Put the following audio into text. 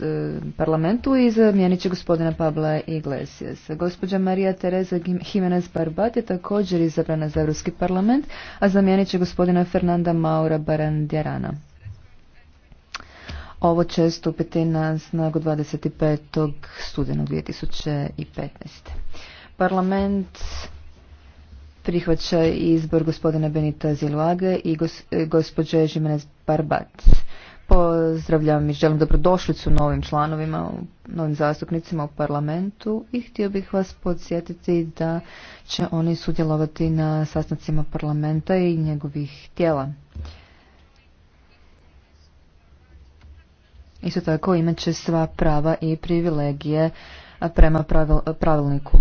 E, parlamentu i zamijenit će gospodina Pabla Iglesias. Gospođa Marija Tereza Jimenez Barbat je također izabrana za Europski parlament, a zamijenit će gospodina Fernanda Maura Barandjarana. Ovo će stupiti na snagu 25. studenog 2015. Parlament prihvaća izbor gospodina Benita Ziluage i e, gospođe Barbat. Pozdravljam i želim dobrodošlicu novim članovima, novim zastupnicima u parlamentu i htio bih vas podsjetiti da će oni sudjelovati na sastancima parlamenta i njegovih tijela. Isto tako imat će sva prava i privilegije prema pravilniku.